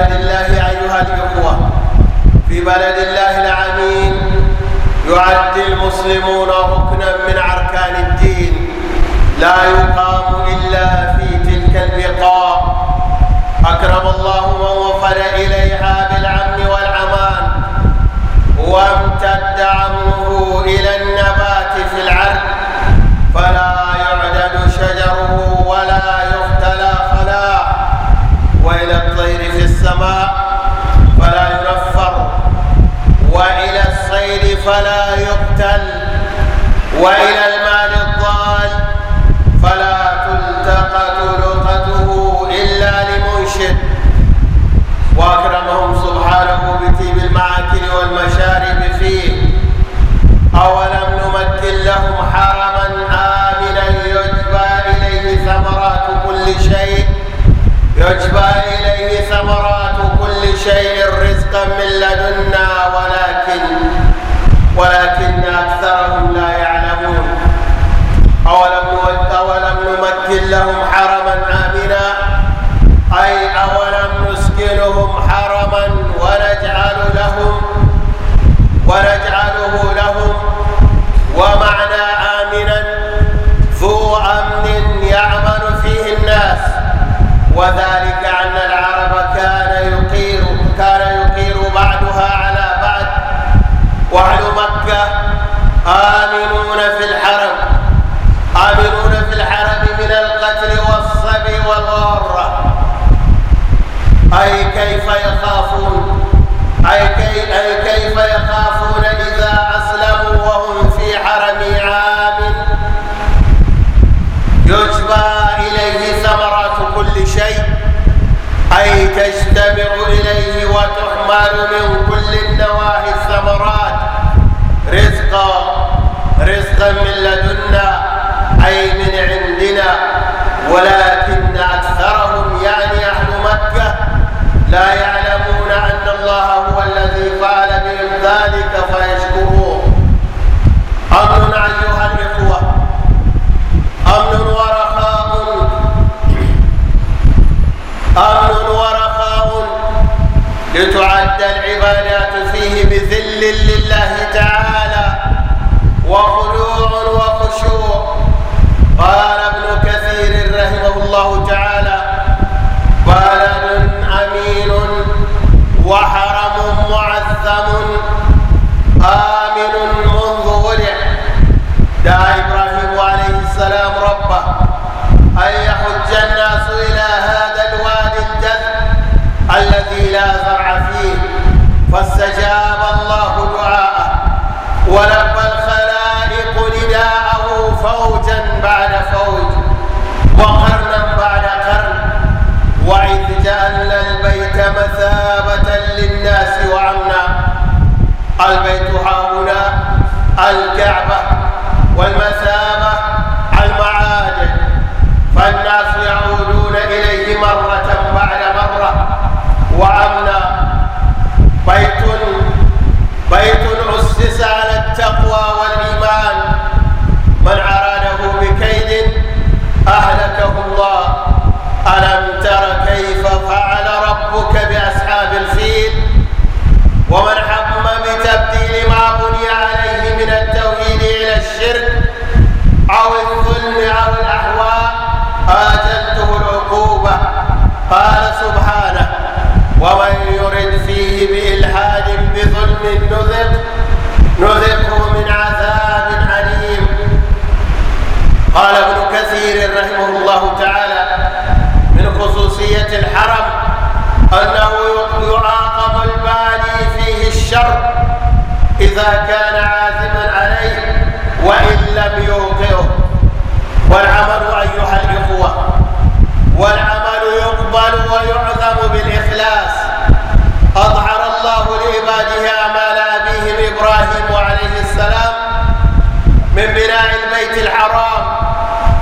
بلد الله أيها الإخوة في بلد الله العميم يعد المسلمون ركنا من أركان الدين لا يقام إلا في تلك البقاع أكرم الله من وفد إليها بالعم والعمان وامتد عمه إلى النبات وإلى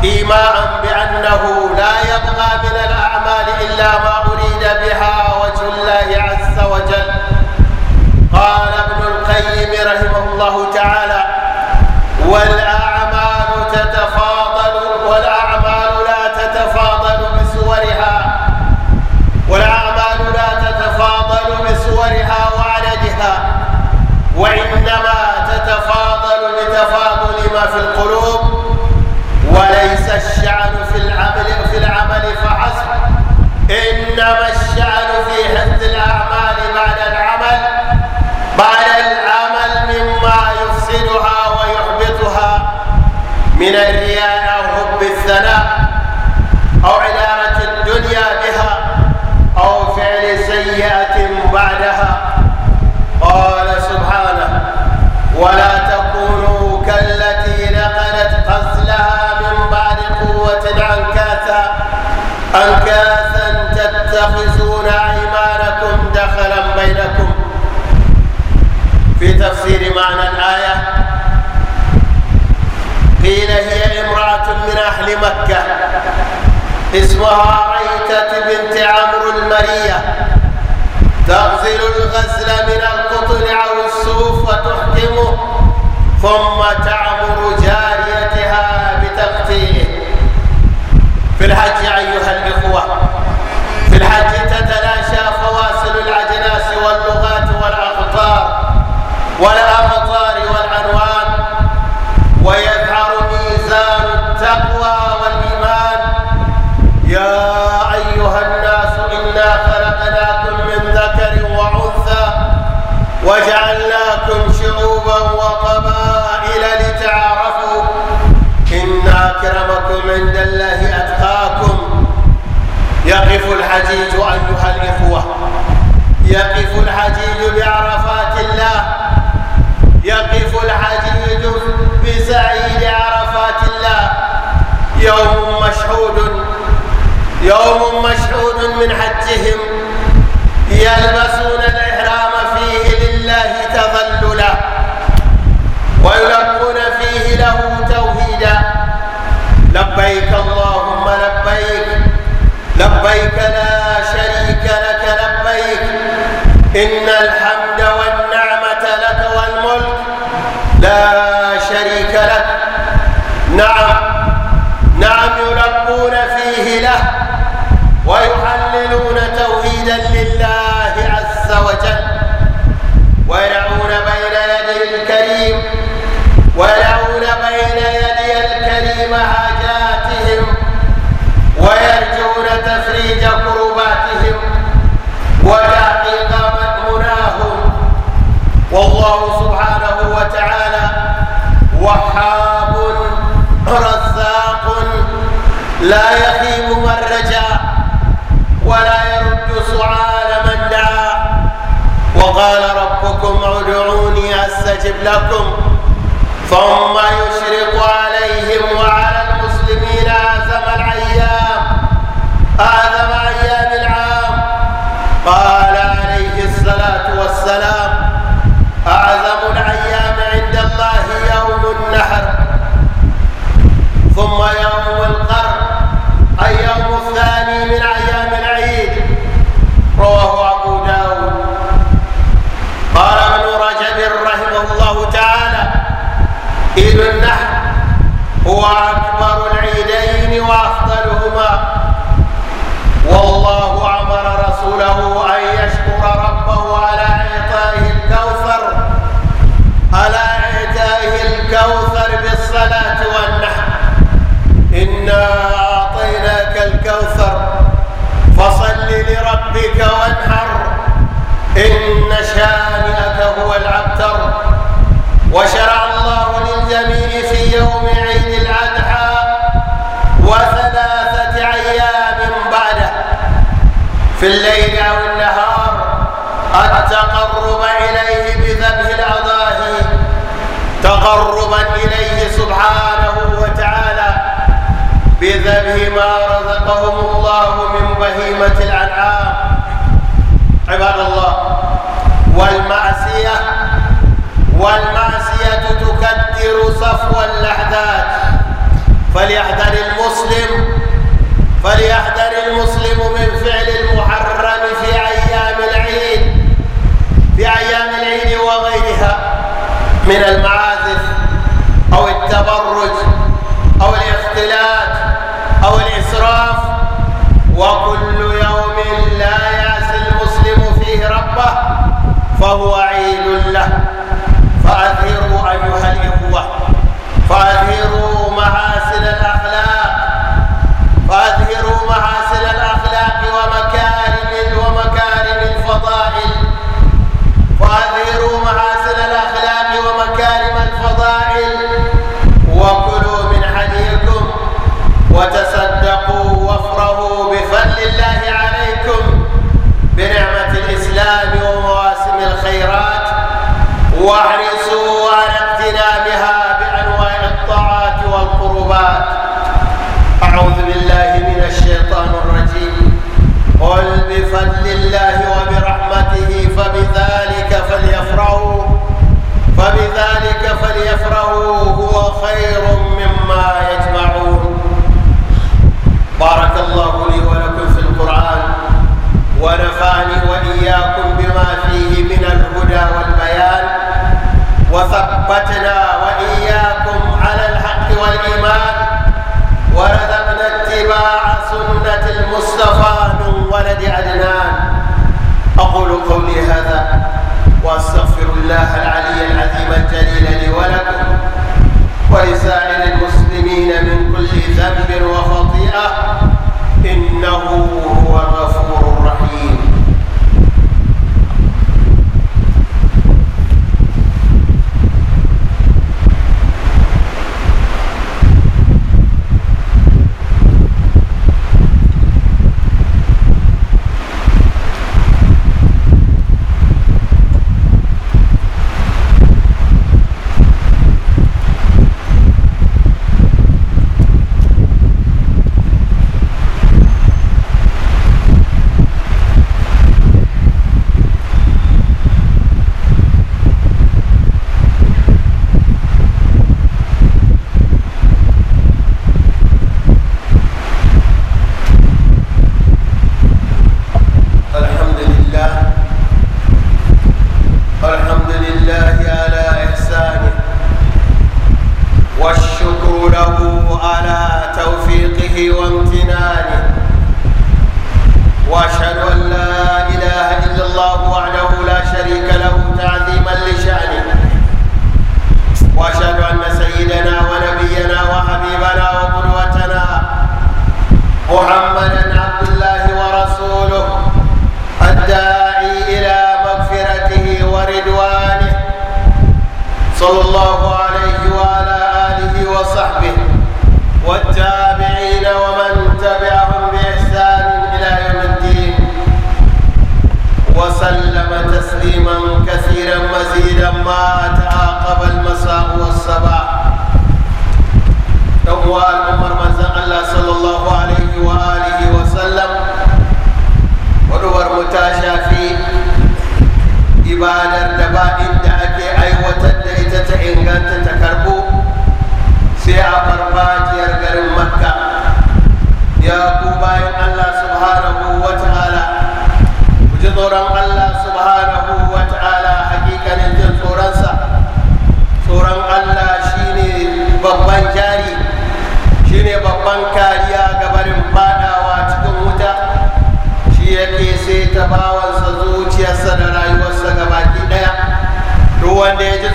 إيماء بأنه لا يبقى من الأعمال إلا ما تفسير معنى الآية قيل هي امرأة من أهل مكة اسمها ريتة بنت عمرو المرية تغزل الغزل من القطن أو الصوف وتحكمه ثم تعمر جاريتها بتقتيله في الحج يقف الحجيج بعرفات الله ربكم ادعوني أستجب لكم ثم يشرق عليهم وعلى المسلمين آثم الأيام آثم في الليل أو النهار التقرب إليه بذبح الأضاحي تقربا إليه سبحانه وتعالى بذبح ما رزقهم الله من بهيمة الأنعام عباد الله والمعصية والمعصية تكدر صفو الأحداث فليحذر المسلم فليحذر المسلم من فعل مصطفى ولد عدنان أقول قولي هذا وأستغفر الله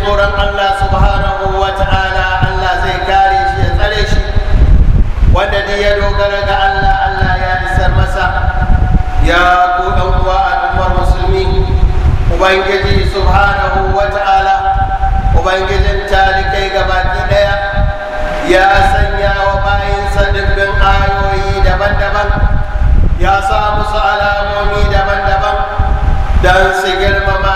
tsoron Allah subhanahu wa ta'ala Allah zai kare shi ya tsare shi wanda duk ya dogara ga Allah Allah ya nisar masa ya ku dan uwa al'ummar musulmi ubangiji subhanahu wa ta'ala ubangijin talikai gabaki daya ya sanya wa bayinsa dimbin ayoyi daban-daban ya sa musu alamomi daban-daban don su girmama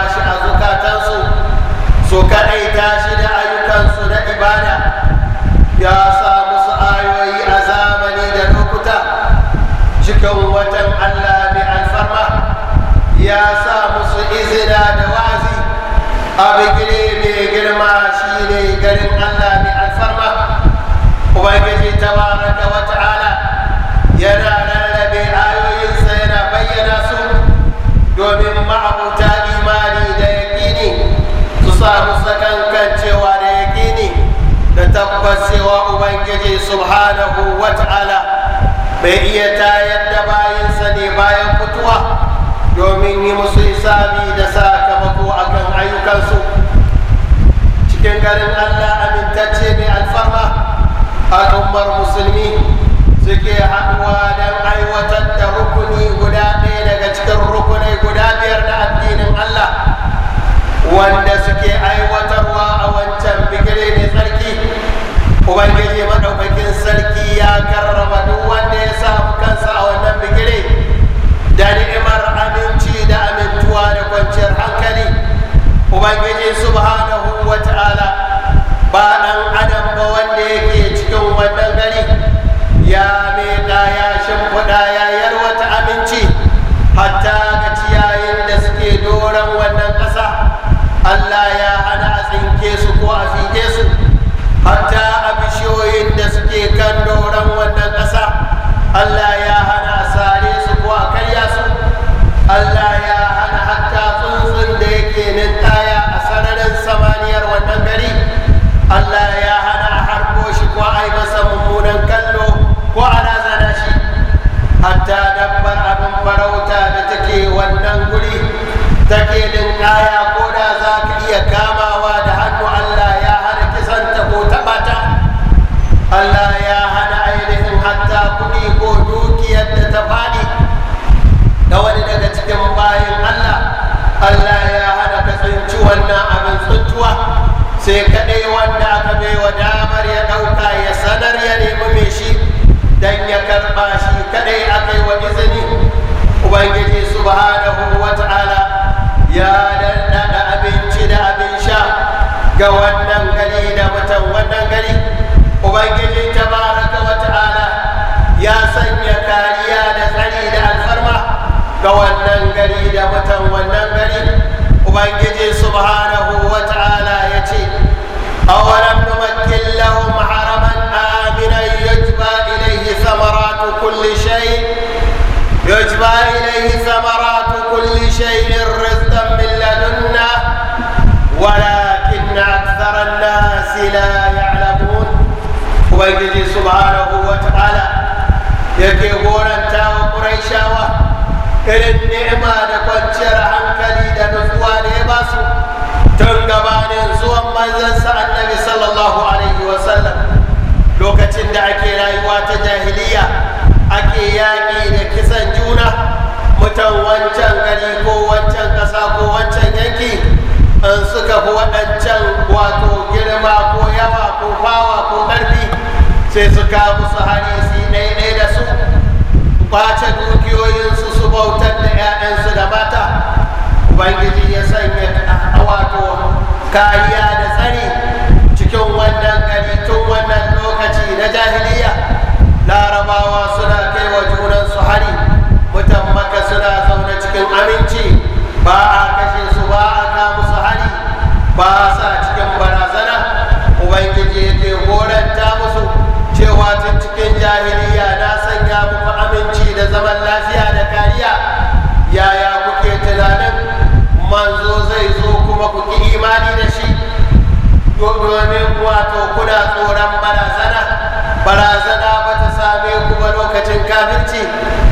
abigire mai girma shi ne garin allah mai alfarma ubangiji tabaraka wa ta'ala yana rarrabe ayoyinsa yana bayyana su domin ma'abuta imani da yaƙini su samu sakankan cewa da yaƙini da tabbacewa ubangiji subhanahu wa ta'ala bai iya tayar da bayansa ne bayan mutuwa domin yi musu isabi da garin allah amintacce mai alfarma al'ummar musulmi suke haɗuwa don aiwatar da rukuni guda ɗaya daga cikin rukunai guda biyar na addinin allah wanda suke aiwatarwa a wancan bigire mai tsarki ubangiji maɗaukakin sarki ya karrama duk wanda ya samu kansa a wannan bigire da ni'imar aminci da amintuwa da kwanciyar hankali ubangiji subhanahu wa ta'ala ba dan adam ba wanda yake cikin wannan gari ya meka ya shimfiɗa ya yi ubangiji subhanahu wa ta'ala ya ce awalam numakkin lahum haraman aminan yajba ilayhi samaratu kulli shay yajba ilayhi samaratu kulli shay shay'in rizqan min ladunna walakin akthara an nas la ya'lamun ubangiji subhanahu wa ta'ala yake goranta wa quraishawa irin ni'ima da kwanciyar hankali zuwan manzansa annabi sallallahu alaihi wasallam lokacin da ake rayuwa ta jahiliya ake yaƙi da kisan juna mutan wancan gari ko wancan ƙasa ko wancan yanki in suka fi waɗancan wato girma ko yawa ko fawa ko ƙarfi sai su kawo musu hari su ɗaiɗai da su ɓace dukiyoyinsu su bautar da 'ya'yansu da mata ubangiji ya sanya wato kariya da tsari cikin wannan gari tun wannan lokaci na jahiliya larabawa suna kai wa junansu hari mutan maka suna zaune cikin aminci ba a kashe su ba a musu hari ba a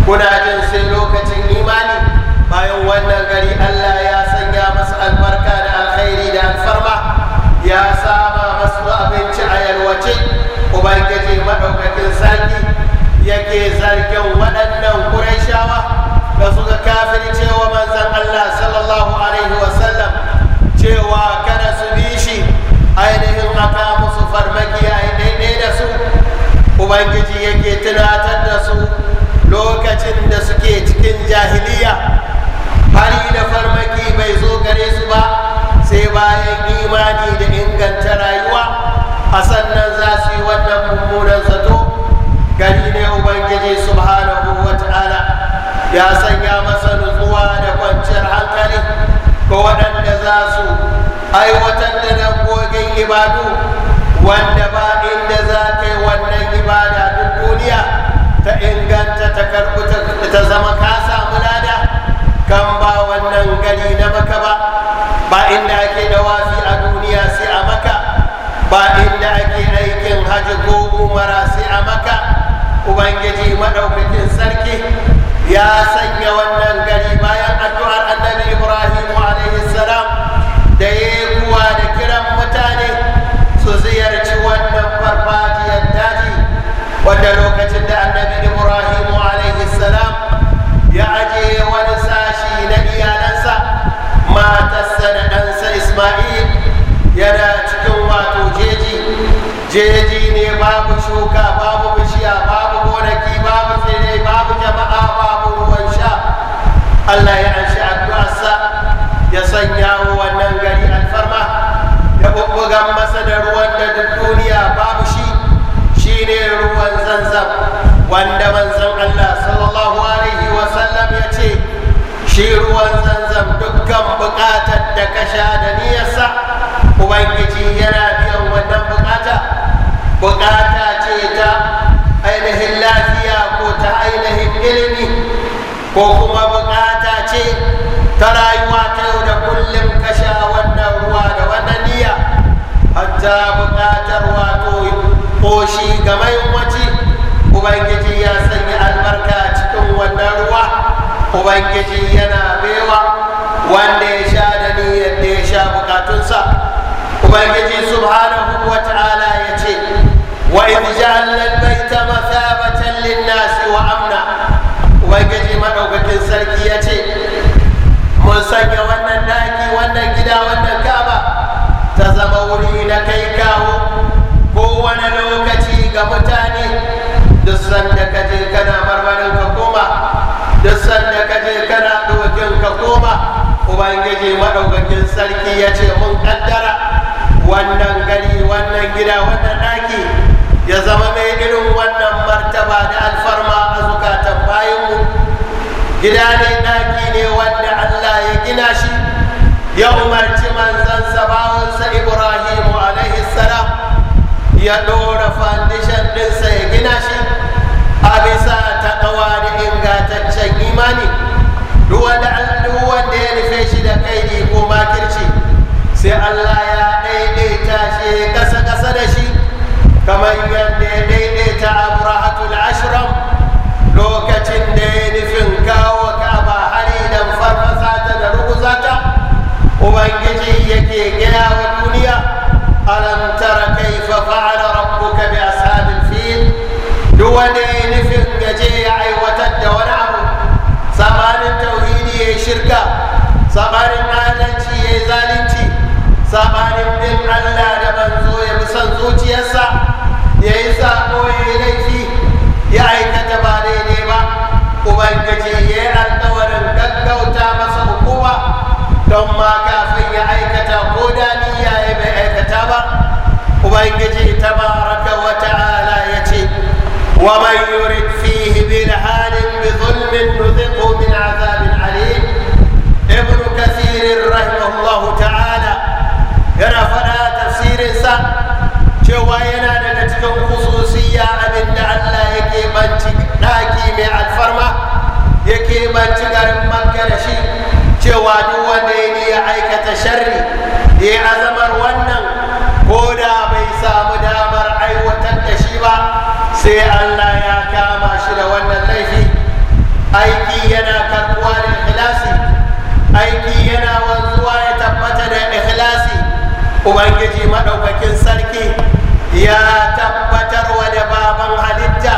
kuna jin sai lokacin imani bayan wannan gari Allah ya sanya masa albarka da alkhairi da alfarma ya sama masu abinci a yalwace ubangiji maɗaukakin sarki yake zargin waɗannan ƙurayshawa da suka kafirce wa manzan Allah sallallahu alaihi wasallam cewa kada su bi shi ainihin aka musu farmaki a daidai da su ubangiji yake tunatar da su lokacin da suke cikin jahiliya hari da farmaki bai zo gare su ba sai bayan imani da inganta rayuwa a sannan za su yi wannan mummunan zato gari ne ubangiji subhanahu wa ta'ala ya sanya masa nutsuwa da kwanciyar hankali ga waɗanda za su aiwatar da dangogin ibadu wanda ba inda za ta zama ka samu lada kan ba wannan gari na maka ba ba inda ake dawafi a duniya sai a maka ba inda ake aikin hajji ko umara sai a maka ubangiji madaukakin sarki ya sanya wannan gari dawo wannan gari alfarma ya bubbugan masa da ruwan da duk duniya babu shi shine ruwan zanzam wanda manzon Allah sallallahu alaihi wa sallam ya ce shi ruwan zanzam dukkan bukatar da ka sha da niyyarsa ubangiji yana biyan wannan bukata bukata ce ta ainihin lafiya ko ta ainihin ilimi ko kuma bukata ce ta ta buƙatar wato ƙoshi ga mahimmanci ubangiji ya sanya albarka cikin wannan ruwa ubangiji yana baiwa wanda ya sha da niyyar da ya sha bukatunsa ubangiji subhanahu wa ta'ala ya ce wa idjalal baita mathabatan lin-nasi wa amna ubangiji madaukakin sarki ya ce ubangiji maɗaukakin sarki ya ce mun kaddara wannan gari wannan gida wannan ɗaki ya zama mai irin wannan martaba da alfarma a zukatan bayanmu gida ne ɗaki ne wanda allah ya gina shi ya umarci manzansa bawansa ibrahimu alaihi salam ya ɗora fandishan ɗinsa ya gina shi a bisa ta da ingantaccen imani ubangiji maɗaukakin sarki ya tabbatar wa da baban halitta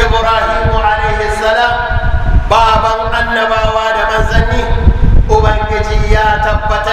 ibrahimu alaihi salam baban annabawa da manzanni ubangiji ya tabbatar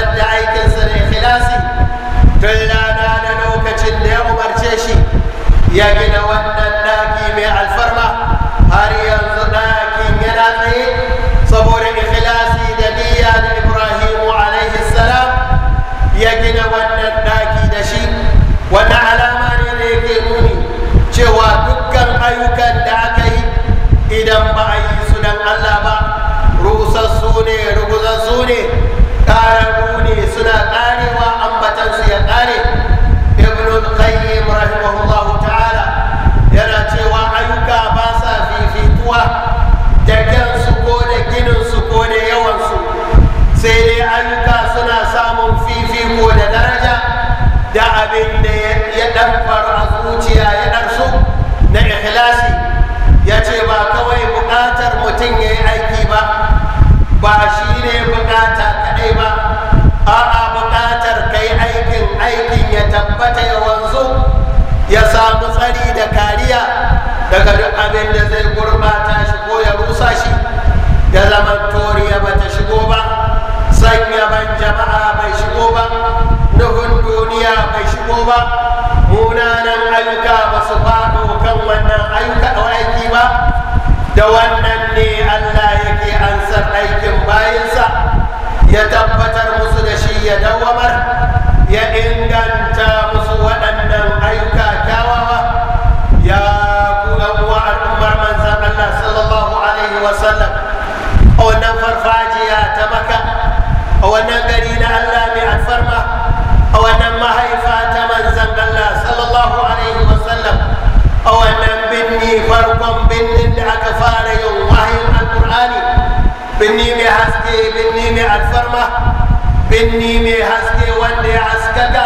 ba munanan ayyuka ba su faɗo kan wannan ayyuka aiki ba da wannan ne Allah yake ansar aikin bayansa ya tabbatar musu da shi ya dawo farkon binnin da aka fara yin wahayin alkur'ani binni mai haske binni mai alfarma binni mai haske wanda ya haskaka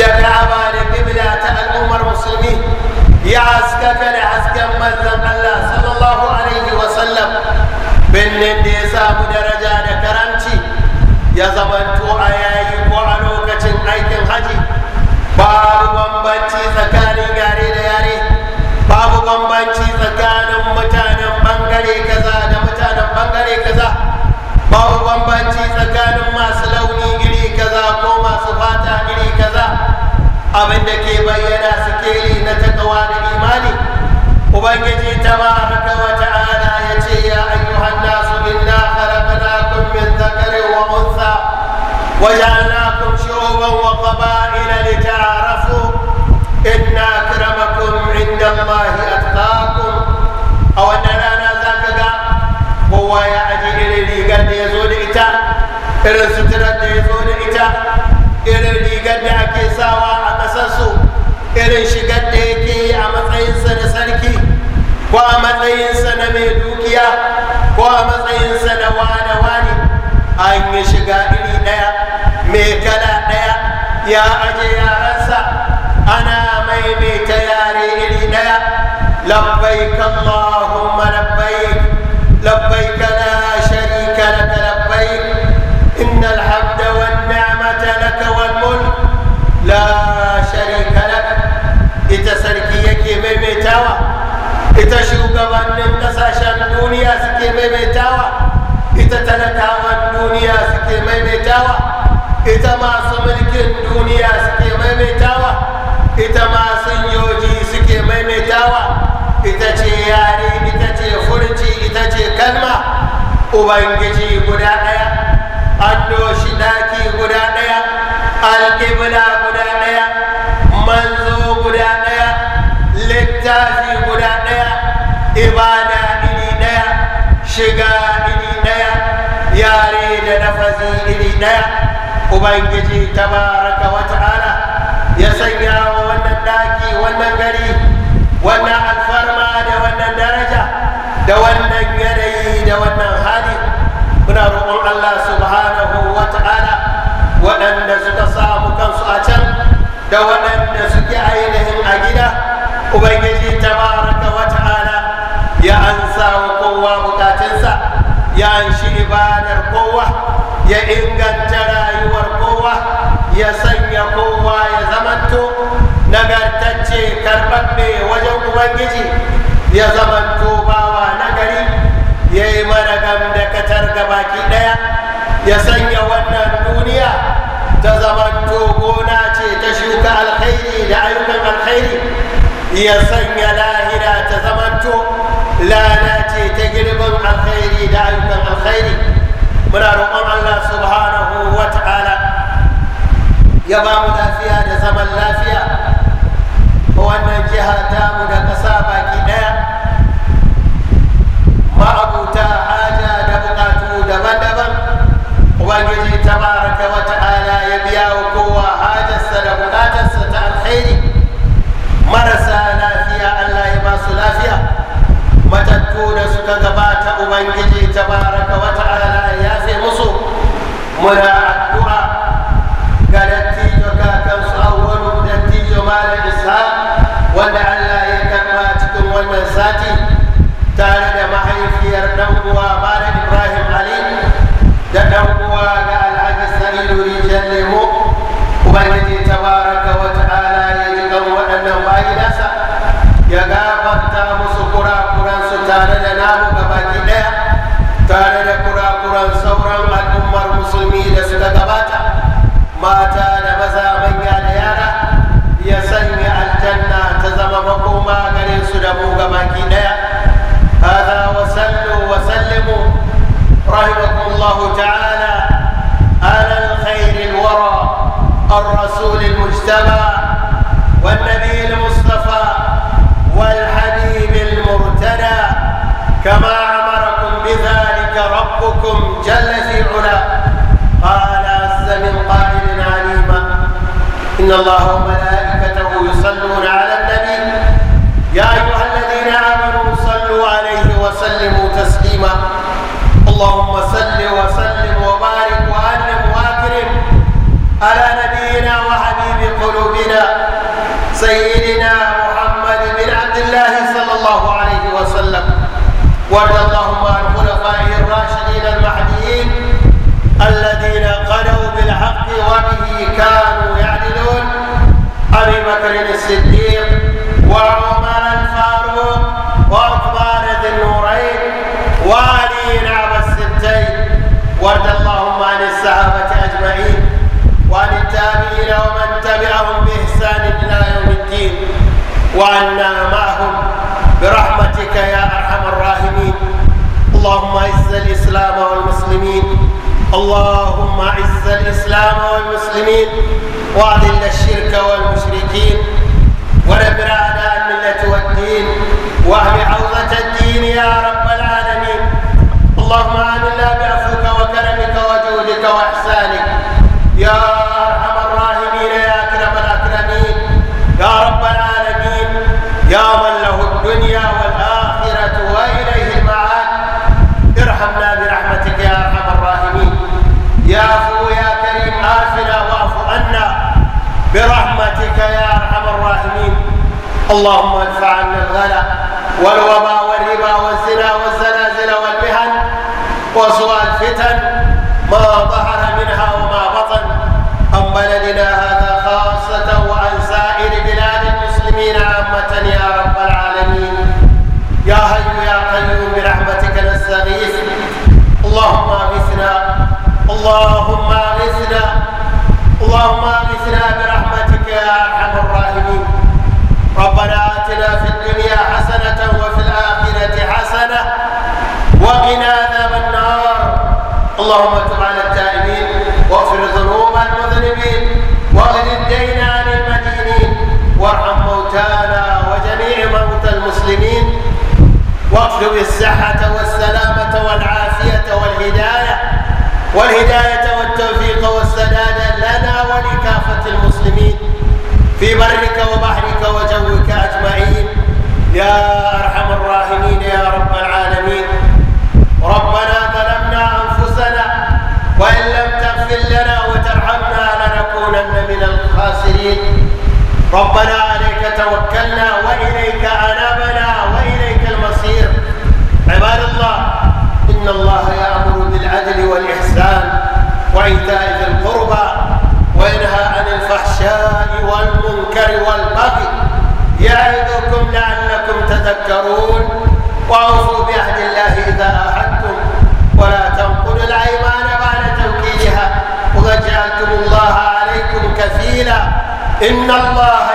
da ka'aba da kibla ta al'ummar musulmi ya haskaka da hasken manzon Allah sallallahu alaihi wa sallam binnin da ya samu daraja da karamci ya zamanto a yayi ko a lokacin aikin haji babu bambanci tsakanin gari bambanci tsakanin mutanen bangare kaza da mutanen bangare kaza babu bambanci tsakanin masu launi iri kaza ko masu fata iri kaza abin da ke bayyana sikeli na takawa da imani ubangiji ta ba haka wata ta'ala ya ce ya ayyuhan nasu inna khalaqnakum min dhakarin wa untha wa ja'alnakum shu'uban wa qaba'ila lita'arafu inna akramakum 'inda Allahi ساكم أو أن رانا زاكا وهو يا أجي إلي ريقا ليزود إتا إلي سترة ليزود إتا إلي ريقا لأكي ساوا أتسسو إلي شقا ليكي أمتعين سنسلكي وأمتعين سنميدوكيا وأمتعين سنوانا واني an yi shiga iri ɗaya mai kala ɗaya ya aje yaransa ana maimaita yare iri ɗaya لبيك اللهم لبيك لبيك ubangiji guda ɗaya shi daki guda ɗaya alƙibla guda ɗaya manzo guda ɗaya littafi guda ɗaya ibada iri ɗaya shiga iri ɗaya yare da nafazi iri ɗaya ubangiji ta anshi ibadar kowa ya inganta rayuwar kowa ya sanya kowa ya zamanto nagartacce karɓaɓɓe wajen ubangiji ya zamanto bawa nagari ya yi mana gamdakatar gabaki ɗaya ya sanya wannan duniya ta zamanto gona ce ta shuka alkhairi da ayyukan alkhairi ya sanya lahira ta zamanto lana تجربة الخير دا أيوكا الخير منا رقم الله سبحانه وتعالى يبام لافيا دا زمن لافيا وأن جهة تام دا قصابة كده ubangiji tabaraka wa ta'ala ya sai musu muna रदियल्लाहु المسلمين واذل الشرك والمشركين ونبر اعداء المله والدين واهل عوضه الدين يا رب العالمين اللهم امنا بعفوك وكرمك وجودك واحسانك يا ارحم الراحمين يا اكرم الاكرمين يا رب العالمين يا من له الدنيا اللهم ادفع عنا الغلا والوباء واطلب الصحة والسلامة والعافية والهداية والهداية إن الله